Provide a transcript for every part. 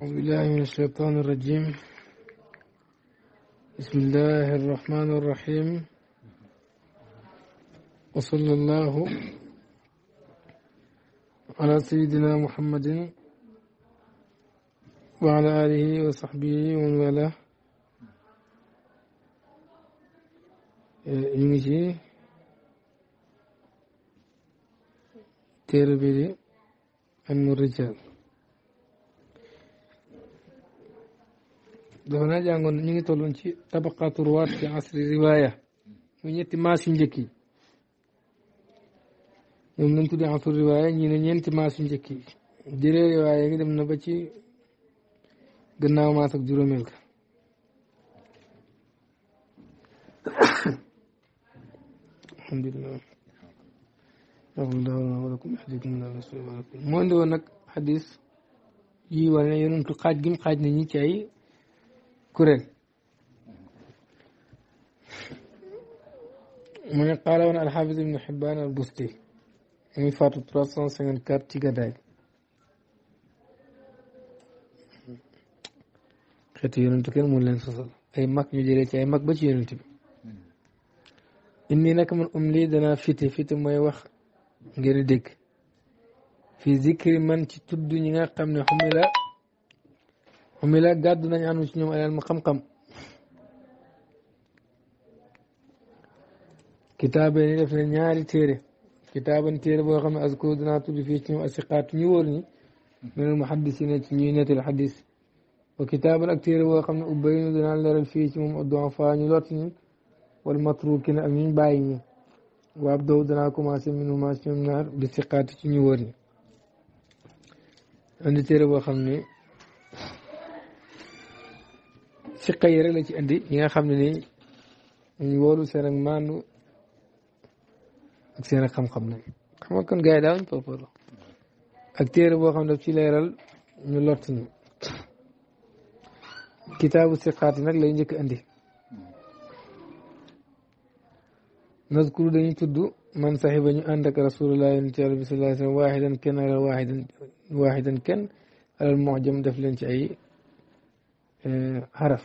أعوذ بالله من الشيطان الرجيم بسم الله الرحمن الرحيم وصلى الله على سيدنا محمد وعلى آله وصحبه ومن والاه يمشي ngi ci الرجال dafa naa jàngoon ñu ngi tolloon ci tabaqatu ruwaat fi asri riwaaya muy ñetti maas yu njëkk yi ñoom riwaaya ñii ne ñeenti maas yu njëkk yi jëlee na ba ci gannaaw maas ak juróomeel ka alhamdulilah moo indi woon nag xadis yi xaaj gim xaaj nañu ci ay كوريل من قال وانا الحافظ ابن حبان البستي من فات التراسون سنين كارتي قدائي خطي يرنتو كن مولين سصل اي مك نجريتي اي مك بجي يرنتي اني نك من املي دنا فيتي فيتي ما يوخ غير ديك في ذكر من تتدو نيغا خمنا حملا وملا قاد نجع يعني نشنو إلى المقمقم كتاب نلف نياري تيري كتاب تيري بوغم أذكر دناتو بفيتني وأسقات نيورني من المحدثين تنينة الحديث وكتاب الأكتير بوغم أبين دنال لرم فيتني ومؤدو عفاني لطني والمتروكين أمين بايني وابدو دناكو ماسي منه ماسي من نار بسقات نيورني عندي تيري بوغم نيورني siqa yi rek la ci indi yi nga xam ne nii ñu wóolu seen ak maandu ak seen ak xam-xam nag xam nga kon gars yi daawuñ popolo ak téere boo xam ne daf ci leeral ñu lott ñu kitaabu siqaat yi nag lay njëkk indi naskuru dañuy tudd man saxiba ñu ànd ak rasulullah yonent yàlla bi sallallahu alayhi wa sallam waaxidan kenn ala waaxidan waaxidan kenn alal moo jëm def leen ci ay xaraf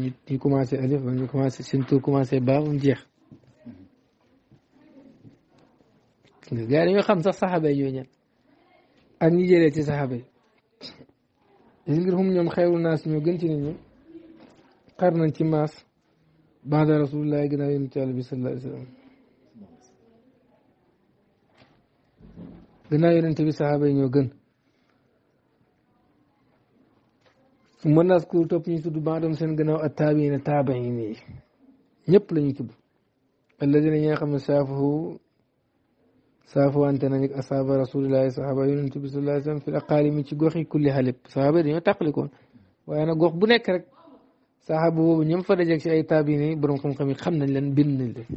ñu ñu commencé alif ba ñu commencé surtout commencé baabum jeex nga gars yi xam sax saxaaba yi ñoo ñan ak ñi jëlee ci saxaaba yi li ngir xum ñoom xayru naas ñoo gën ci nit ñi xar nañ ci maas baada rasulullah gannaaw yonent yàlla bi sallallahu alayhi wa sallam gannaaw yi ñoo gën ma naa ku topp ñu tudd baadam seen gannaaw a taabiina taaba yi ñëpp la ñuy tudd alladina ñi nga xam ne saafahu saafawante nañ ak asaaba rasulillahi sahaaba yonente bi sallallahu alayhi wasallam fi aqaalimi ci gox yi kulli xalib sahaaba yi dañoo tàqalikoon waaye nag gox bu nekk rek sahaaba ñu ñoom fa dajeeg si ay taabiina yi borom xam-xam yi xam nañ leen bind nañ leen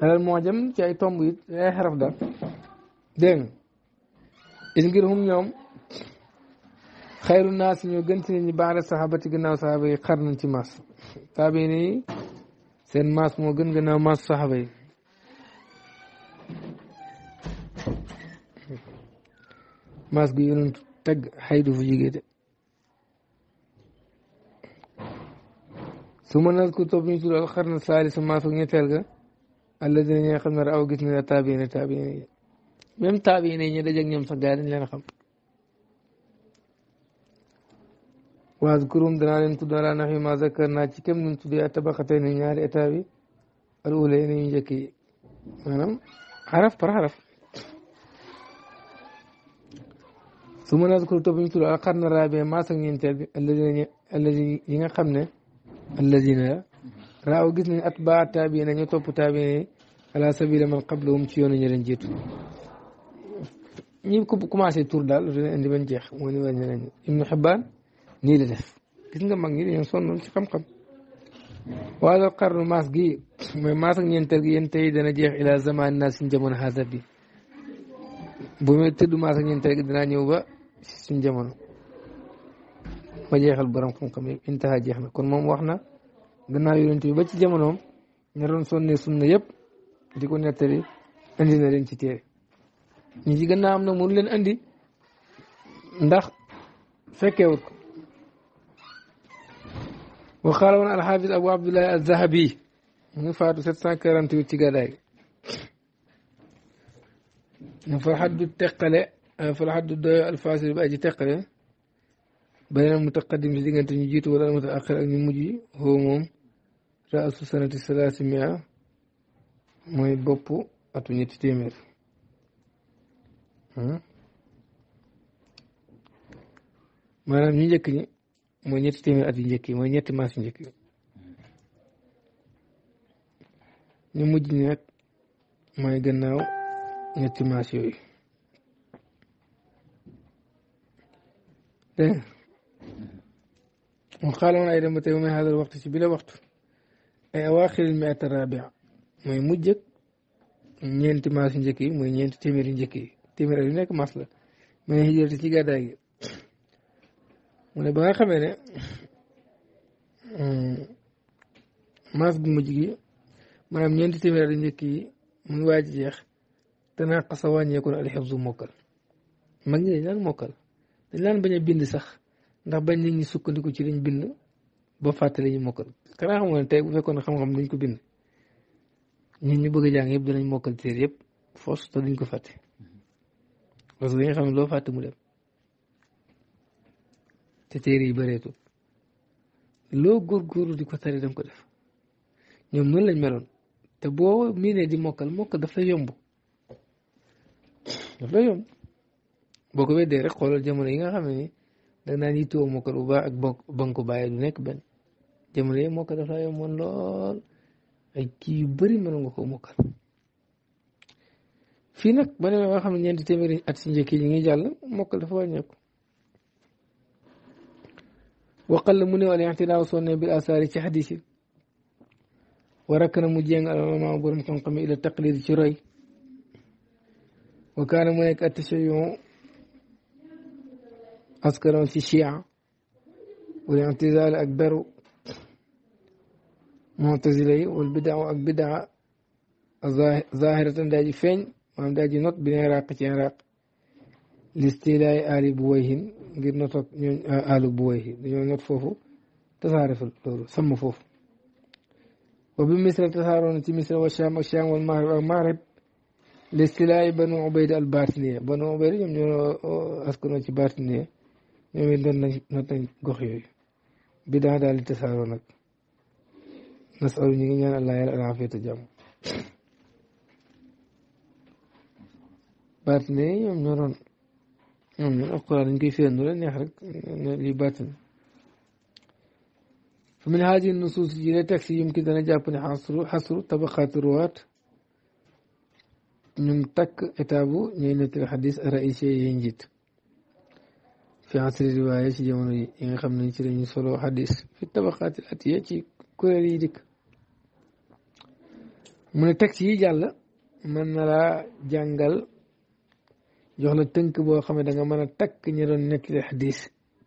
alal moo jëm ci ay tomb it ay xaraf daal dégg nga ngir hum ñoom xayru naas ñoo gën ci nit ñi baara saxaaba ci gannaaw saxaaba yi xar nañ ci maas taabiin yi seen mas moo gën gannaaw maas saxaaba yi maas gu yonent teg xaydu fu jigéen de su nas ku topp ñu tudd alxarna saali sa maas ak ñetteel ga àlla dina ñi nga xam ne aw gis ne la taabiin taabiin yi même ñu dajeeg ñoom sax gaa xam waazkurum danaa leen tudd alaa naxwi ma zakkar naa ci kem nuñ tuddee tabaqatay ni ñaari état bi al ula yi nañu njëkk yi par xaraf su ma naazkuru topp ñu tudd alxarna raabee maas ak ñeenteel bi alladina alladi yi nga xam ne alladina raaw gis nañ at baa taabiina ñu topp taabiina ala sabila man ci yoonu ñu leen jiitu ñi ko commencé tur daal lu indi ban jeex moo ni wàññi Xibbaan nii la def gis nga mag ñi dañoo sonnoon ci xam-xam waala xarnu maas gi mooy maas ak gi yéen tey dana jeex ila zaman naa suñ jamono xaasa bi bu may tëdd maas ak gi danaa ñëw ba suñ jamono ma jeexal borom xam-xam yi intaha jeex na kon moom wax na gannaaw yonent ci jamonoom ña doon sonnee yëpp di ko nettali andi na leen ci téere ñi ci gannaaw am na andi ndax fekkeewut ko وقال من الحافظ أبو عبد الله الذهبي نفاد ستان كرمت وتقالي نفرحد التقل فرحد الدوية الفاسر بأجي تقل بين المتقدم في ذلك أنتم جيتوا ولا المتأخر أن يمجي هو موم رأس سنة الثلاثمائة موي بوبو أتوني تتيمر ها مرام نيجا كني mooy ñetti téeméer at njëkk yi mooy ñetti maas yu njëkk yi ñu mujj ñi mooy gannaaw ñetti maas yooyu dégg nga xaaloon ay dem ba tey mooy xaadal waxtu si bi la waxtu ay awaaxir mi at mooy mujj ñeenti maas yu njëkk yi mooy ñeenti téeméer yu njëkk yi téeméer yu nekk maas la mais hijrati ci gàddaay gi mu ne ba nga xamee ne euh, mas bu mujj gi maanaam ñeenti téeméer di njëkk waaj jeex danaa xasa wàññeeku ne alxifzu mokkal mag ñi dañ daan mokkal dañ daan bañ a bind sax ndax bañ nit ñi sukkandiku ci liñ bind ba fàttali ñu mokkal xanaa xamoon ne tey bu fekkoon xam-xam duñ ko bind ñun ñu bëgg a jàng yëpp dinañ mokkal téere yëpp force te duñ ko fàtte parce que dañu xam ne loo fàtte mu dem te téere yi bëreetul loo góorgóorlu di ko tari da ko def ñoom noonu lañ meloon te boo miinee di mokkal mokkal daf lay yomb daf lay yomb boo ko weddee rek xoolal jamono yi nga xam ne danga naan yittewoo mokkal bu baax ak banku bàyyi du nekk benn jamono yi mokkal daf lay yomboon lool ay kii yu bëri mënoon nga ko mokkal fii nag ba demee nga xam ne ñeenti téeméeri at si njëkk yi ñu ngi jàll mokkal dafa wàññeeku وقل من الاعتلاء وصلنا بالآثار في حديث وركن مجين العلماء برم قم إلى تقليد شري وكان ملك التشيع أذكر في الشيعة والاعتزال أكبر معتزلي والبدع أكبدع ظاهرة داجي فين وأم داجي نط بين عراق عراق listilaay aali bu way hin ngir notoog ñooñ aalu bu way hin dañoo not foofu tasaare fa loolu foofu wa bi misra tasaaroon ci misra wa sham ak sham wal listilaay banu ubayda al baatiniya banu ubayda ñoom ñoo askanoo ci baatiniya ñoom it gox yooyu bi daa daal di nag nasalu ñu ngi ñaan allah yàlla alaafiyata jàmm baatiniya ñoom ñoo alquran dañ koy firndu la neex rek li baatin fa min haadi nusuus yi ne taxi yum ki dana jàpp ne xasru xasru tabaqaati ruwaat ñum takk état bu ñooy nettali xadis raïsia yi njiit fi asri riwaaya ci jamono yi nga xam ne ci lañu solo xadis fi tabaqaati atiya ci kuréel yi dikk mu ne taxi yi jàll mën na laa jàngal jox la tënk boo xam ne da man a takk ñi doon nettali xadis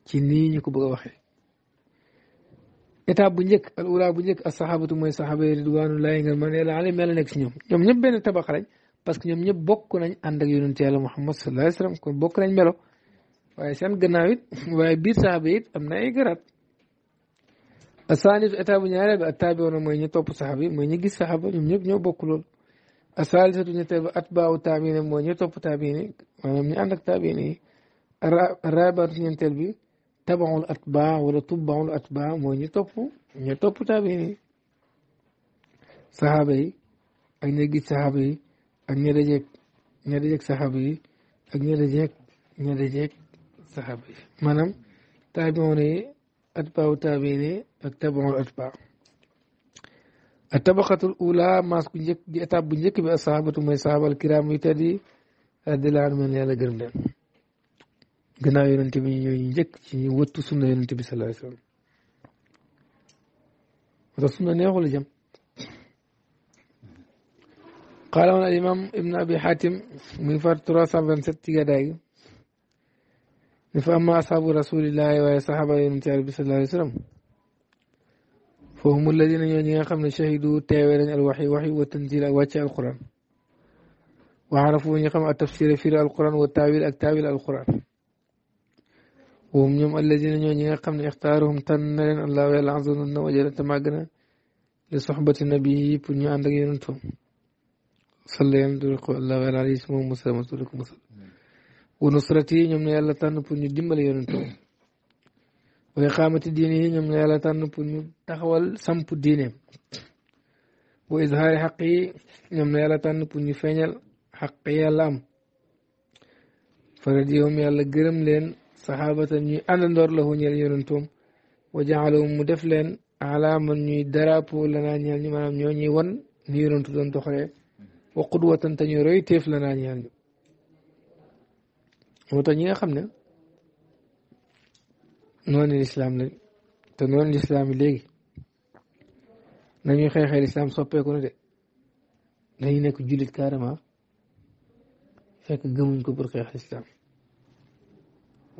ci nii ñu ko bëgg a waxee bu njëkk al ula bu njëkk as saxaabatu mooy saxaaba yi ridwaanullaahi nga man yàlla alim yàlla nekk si ñoom ñoom ñëpp benn tabax lañ parce que ñoom ñëpp bokk nañ ànd ak yonent yàlla Muhammad sallallahu alayhi wa sallam kon bokk nañ melo waaye seen gannaaw it waaye biir saxaaba it am na ay garaat asaanitu étape bu ñaareel bi mooy ñu topp saxaaba yi mooy ñu gis saxaaba ñoom ñëpp ñoo bokk loolu asalisatu ñetteel ba atbaawu taabiina mooy ñu topp taabiina maanaam ñu ànd ak taabiina yi raabatu ñeenteel bi tabaxul atbaa wala tubbaxul atbaa mooy ñu topp ñu topp taabiina yi saxaaba yi ak ña gis saxaaba yi ak ña dajeeg ña dajeeg saxaaba yi ak ña dajeeg ña dajeeg saxaaba yi maanaam taabiina tabaxatul ula maas ku njëkk di étape bu njëkk bi asahabatu mooy sahabal kiram yu tedd yi radiyallahu anhum yàlla gërëm leen gannaaw yonent bi ñu ñooy njëkk ci ñu wëttu sunna yonent bi sallallahu alayhi wasallam te sunna neexul jëm qaala woon al imam ibn abi hatim muy far 327 ci gàddaay gi ni fa amma ashabu rasulillahi waaye sahaba yonent bi sallallahu alayhi wasallam فهم الذين يعني يقمن شهدوا تاويلا الوحي وحي وتنزيل واتى القران وعرفوا يعني ان يقم التفسير في القران والتاويل التاويل القران وهم يوم الذين يعني يقمن اختارهم تنلا الله يلعظون ان وجدت معنا لصحبة النبي بني عندك ينتم صلى الله عليه وسلم وسلم ونصرتي يوم يلا تنبني دمبل ينتم way xaamati diine yi ñoom la yàlla tànn pour ñu taxawal samp diine wa izhaari xaq yi ñoom la yàlla tànn pour ñu feeñal xaq yàlla am faradiyahum yàlla gërëm leen saxaabatan ñuy àndandoor la ñeel yonentoom wa jaalahum mu def leen alaaman ñuy drapeau ñu maanaam ñoo ñuy wan ni yonentu doon doxalee wa qudwatan te ñu roy téef lanaa ñeel xam ne noonu lislaam lañ te noonu lislaam yi léegi nañuy xeexee lislaam soppeeku na de dañuy nekk jullit carrément fekk gëmuñ ko pour xeex lislaam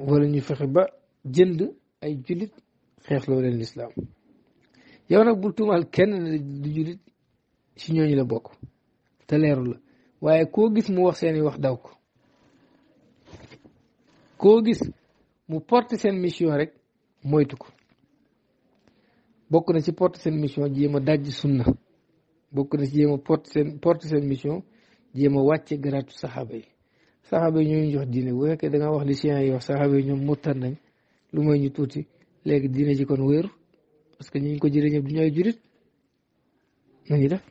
wala ñu fexe ba jënd ay jullit xeex loo lislaam yow nag bul tuumaal kenn ne jullit si ñooñu la bokk te la waaye koo gis mu wax seeni wax daw ko koo gis mu porte seen mission rek moytu ko bokk na ci porte seen mission jéem a dajj sunna bokk na ci jéem a porte seen porte seen mission jéem a wàcce garaatu saxaaba yi saxaaba yi ñooñu jox diine bu da nga wax li sien yi wax yi ñoom murtan nañ lu mooy ñu tuuti léegi diine ji kon wéeru parce que ñi ko jëlee ñëpp du ñu ay jurit nañu def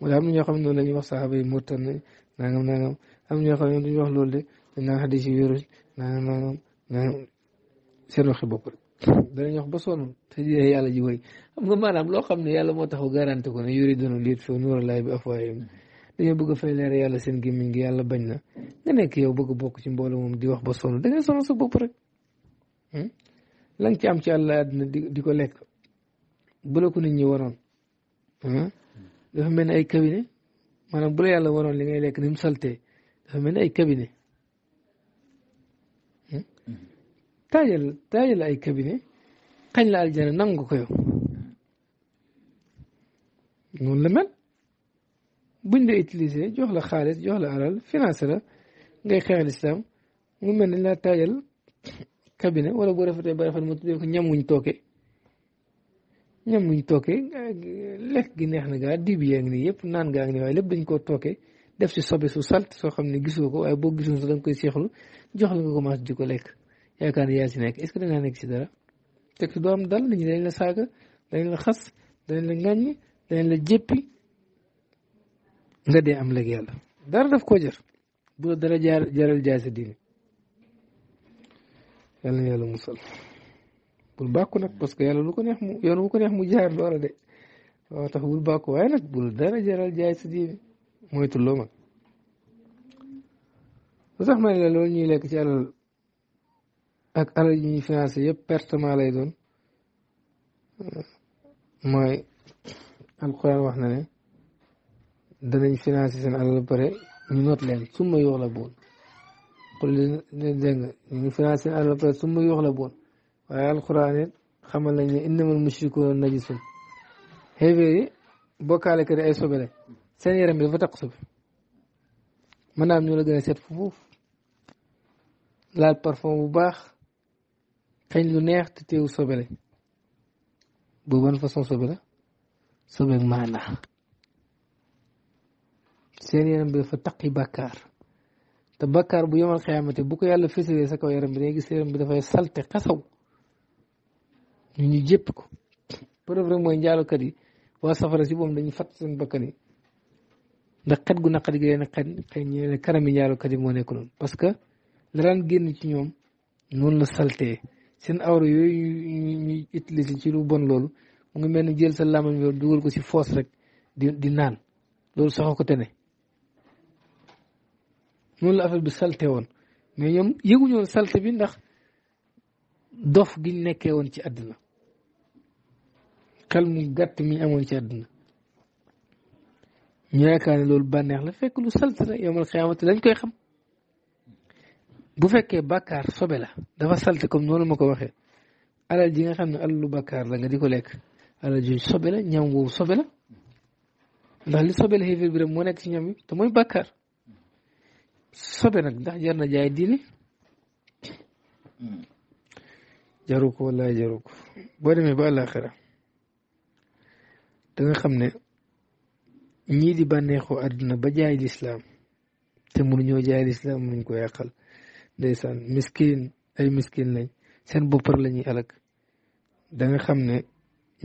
moo na ñoo xam ne noonu wax saxaaba yi murtan nañ nangam nangam am na ñoo wax loolu de dañ naan xadis yi nangam nangam seen waxi bopp danañ wax ba sonn te dina yàlla ji woy xam nga maanaam loo xam ne yàlla moo taxaw garanti ko ne yuri doonu liit fa nuura laay bi afwaayam dañoo bëgg a fay leer yàlla seen gémmiñ gi yàlla bañ na nga nekk yow bëgg bokk ci mbooloo moom di wax ba sonn da ngay sonn sa bopp rek hmm? la nga ci am ci àlla di ko lekk bu la ko nit ñi waroon hmm? dafa mel ni ay cabinet maanaam bula la yàlla waroon li ngay lekk ni mu salte dafa mel ni ay cabinet hmm? taajal taajal ay cabinet xañ la aljana nangu ko noonu la mel buñ la utiliser jox la xaalis jox la alal financé la ngay xeex lislaam mu mel ne laa taajal cabinet wala bu rafetee ba rafet mu tuddee ko ñam wuñ tooke ñam wuñ tooke lekk gi neex na gaa dibi yaa ngi nii yëpp naan gaa ngi nii waaye lépp dañ koo tooke def si sobe su salt soo xam ne gisoo ko waaye boo gisoon sax da nga koy seexlu jox la nga commencé di ko lekk yaakaar ne yaa si nekk est ce que da ngaa nekk si dara fekk doo am dal nit ñi dañ la saaga dañ la xas la ŋàññ nga dee am léegi yàlla dara daf koo jër dara jaral jaay sa diine yàlla musal bul bàkku nag parce que yàlla lu ko neex mu yoon wu ko neex mu jaar loola de waaw tax tulloo ma lu tax ma ne la loolu ñuy lekk ak alal yi ñuy financé yëpp pertement lay doon mooy alquran wax na ne danañ financé seen alal ba ñu not leen summa yoox la boon xul dégg nga ñu ngi financé seen alal ba summa yoox la boon waaye alquran it xamal nañ ne innamal mushrikuna najisun xéeféer yi bokkaale kër ay sobe la seen yaram bi dafa taq sobe maanaam ñu la gën a seet foofu laal parfum bu baax xëy lu neex te teew sobe la boobu ban façon sobe la sobeeg maana seen yaram bi dafa taqi bàkkaar te bàkkaar bu yomal xiyaamate bu ko yàlla fësalee sa kaw yaram bi day gis yaram bi dafay salte xasaw ñu ñu jépp ko preuve rek mooy njaalokat yi waa safara si moom dañu fat seen bakkan yi ndax xet gu naqari gi leen xet xëy yi moo nekk parce que la daan ci ñoom noonu la saltee seen awra yooyu ñu utiliser ci lu bon loolu mu ngi mel ni jël sa làmmiñ yooyu dugal ko ci foos rek di di naan loolu saxoo ko tene noonu la affaire bi salte woon mais ñoom yëguñu woon salte bi ndax dof gi nekkee woon ci àddina xel mu gàtt mi amoon ci àddina ñu yaakaar ne loolu bànneex la fekk lu salte la yomal xiyaamati lañ koy xam bu fekkee bakkaar sobe la dafa salte comme noonu ma ko waxee alal ji nga xam ne alalu bakkaar la nga di ko lekk alal ji sobe la ñam woowu sobe ndax li sobe la bi rek moo nekk ci ñam yi te mooy bàkkaar sobe nag ndax jar na jaay diine jaru ko jaru ko boo demee ba àllaaxira da xam ne ñii di bànneexoo àdduna ba jaay lislaam te mënuñoo jaay lislaam mënuñ ko yàqal ndeysaan miskin ay miskin lañ seen boppar lañuy ñuy danga xam ne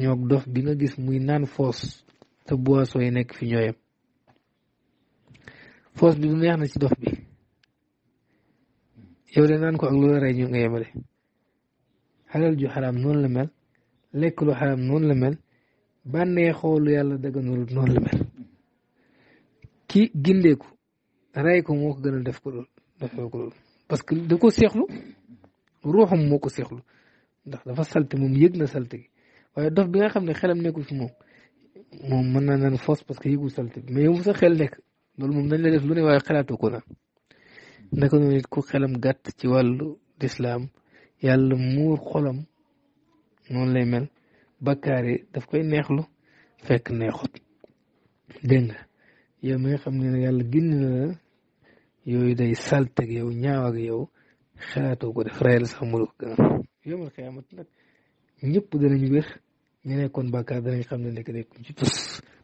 ñoog dof bi nga gis muy naan foos te boisson yi nekk fi ñooyam foos bi du neex na ci dof bi yow de naan ko ak loola rey ñu nga yemale xalal ju xaraam noonu la mel lekk lu xaraam noonu la mel bànnee xoolu yàlla daganurut noonu la mel ki gindeeku rey ko moo ko gënal def ko lool parce que da ko seexlu ruuxam moo ko seexlu ndax dafa salte moom yëg na salte gi waaye dox bi nga xam ne xelam nekkul fi moom moom mën naa naan fos parce que yëgul salte bi mais yow sa xel nekk loolu moom dañ la def lu ne waaye xalaatoo ko na naka noonu nit xelam gàtt ci wàllu lislaam yàlla muur xolam noonu lay mel bakkaare daf koy neexlu fekk neexut dégg nga yow xam ne yàlla génn la yooyu day salteg yow ñaaw ak yow xalaatoo ko def rayal sax mënu ko gën a yomal xiyaamat nag ñëpp danañ wér ñu nekkoon bàkkaar danañ xam ne nekk nekkuñ ci tus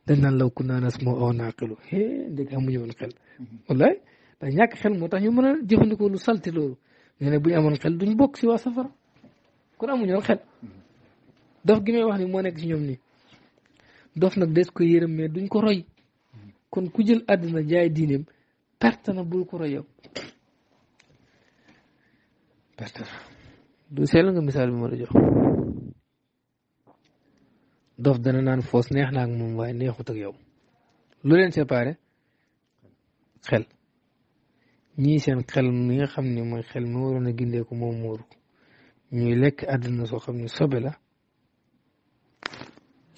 dañ naan law kunnaa nasma'u aw na'qilu é ndég amuñu woon xel mm-hmm. wallaay ndax ñàkk xel moo tax ñu mën a jëfandikoo lu salti loolu ñu ne bu ñu amoon xel duñ bokk si waa safara mu amuñu woon xel mm-hmm. dof gi may wax ni moo nekk si ñoom ni dof nag des ko yërëm mais duñ ko roy mm-hmm. kon ku jël àddina jaay diineem perte na bul nga misaal bi ma la jox dof dana naan foos neex na ak moom waaye neexut ak yow lu leen séparé xel ñii seen xel mi nga xam ne mooy xel mi waroon a gindeeku moom muuru ñuy lekk àddina soo xam ne sobe la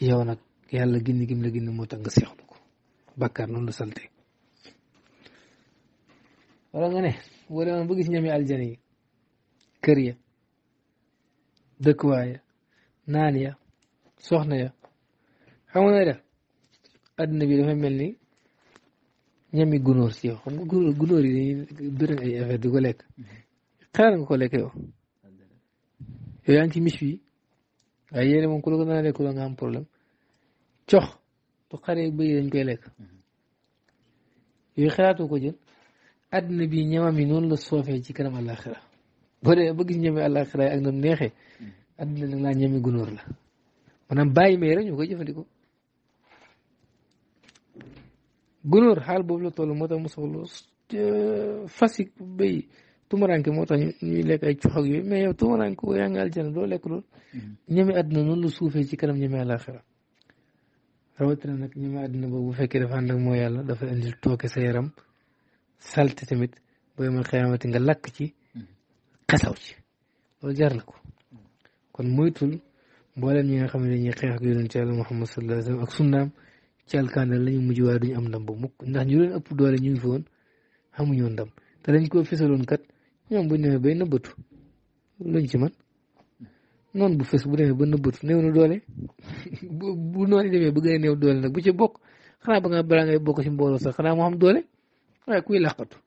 yow nag yàlla gindi gim la gindi moo tax nga seexlu ko bàkkaar noonu la salte wala nga ne wala ma ba gis ñami aljana yi kër ya dëkkuwaay ya naan ya soxna ya xam nga def àddina bi dafa mel ni ñami gunóor si yow xam nga gunóor gunóor yi dañuy bëri ay affaire di ko lekk xaar nga ko lekk yow yow yaa ngi ci mis bi waaye yéen moom ku la ko naa lekk nga am problème cox bu xaree bëy dañ koy lekk yooyu xalaatoo ko jël àdduna bi ñamam yi noonu la suufee ci kanam àllaaxira boo demee ba gis ñami àllaaxira yi ak nam neexee àdduna ñami gunóor la maanaam bàyyi may rek ñu koy jëfandikoo gunóor xaal boobu la toll moo tax mu soxla fasik béy tumaranke moo tax ñuy ay cuxak yooyu mais yow tumaranke ko yaa ngi aljana mm-hmm. la suufee ci kanam ñami àllaaxira rawatina nag ñami àdduna boobu bu fekkee dafa ànd mooy moo yàlla dafa indil tooke sa yaram salte tamit booy mal xiyaamati nga lakk ci xesaw ci loolu jar na ko kon moytul mbooleem ñi nga xam ne dañuy xeex ak yonent yàlla Muhammad sallallahu alayhi ci alkandal lañu mujj waaye duñu am ndam ba mukk ndax ñu leen ëpp doole ñu ngi fi woon ndam te dañ koo fësaloon kat ñoom buñ demee bay nëbbatu luñ ci man noonu bu fës bu demee ba nëbbatu néew na doole bu noonu demee ba gën a néew doole nag bu ci bokk xanaa ba nga balaa ngay bokk ci mbooloo sax xanaa mu xam doole waaye kuy làqatu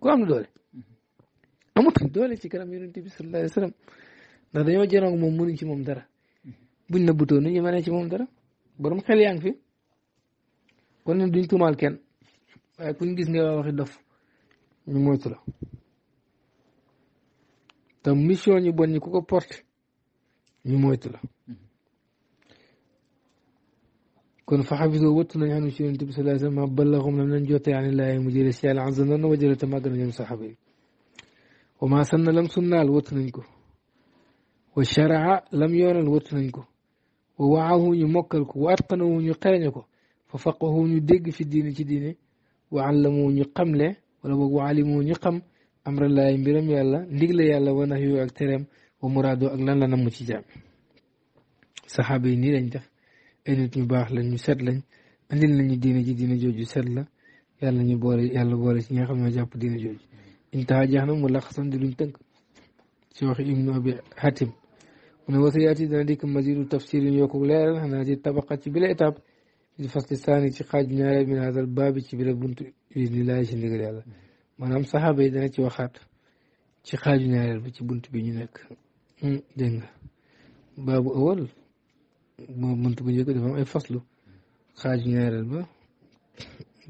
ku am doole mm-hmm. amatuñ doole ci kanam yonent bi sallallahu alayhi wa sallam ndax dañoo jënoog moom mënuñ ci moom dara mm-hmm. buñ na butoo nu ñu mënee ci moom dara borom xel yaa fi kon ñun duñ tuumaal ken waaye kuñ gis nga waxi dof ñu moytu la te mission ñu bon ñi ku ko porte ñu moytu la mm-hmm. كن فحفظوا وطن يعني شو انت بس لازم ما بلغهم لمن جوت يعني لا مدير الشيء اللي عزنا انه وجدت ما قدرنا نسحبه وما سن لم سن الوطن انكو والشرع لم يرى الوطن انكو ووعاه يمكلك واتقنه يقينك ففقه يدق في الدين في دينه وعلموا يقم له ولا وعلموا يقم امر الله يمرم يلا نقل يلا ونهي اكترم ومراد اغلى لنا متجام صحابي نيرنجه ay nit ñu baax lañ ñu set lañ andil ñu diina ji diina jooju set la yàlla ñu boole yàlla boole ci nga xam ne jàpp diina jooju intaha jeex na mu laxasan di luñ tënk ci waxi ibnu abi hatim mu ne wasiyaati dana dikk masidu tafsir yi ko leeral xanaa ci tabaqa ci bile étape di fasli saani ci xaaj ñaare min hadal baabi ci bile bunt bi li laay si ndigal yàlla maanaam sahaba yi dana ci waxaat ci xaaju ñaareel bi ci bunt bi ñu nekk dégg nga baabu awal moom bunt bu njëkk dafa am ay faslu xaaj ñaareel ba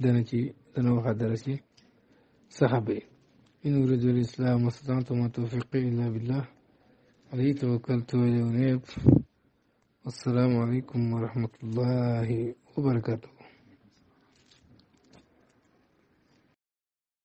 dana ci dana waxaat dara ci saxaaba yi in uridu al islam mastata'tu ma tawfiqi illa billah alayhi tawakkaltu wa ilayhi unib wassalaamu aleykum wa rahmatullahi wa barakatuh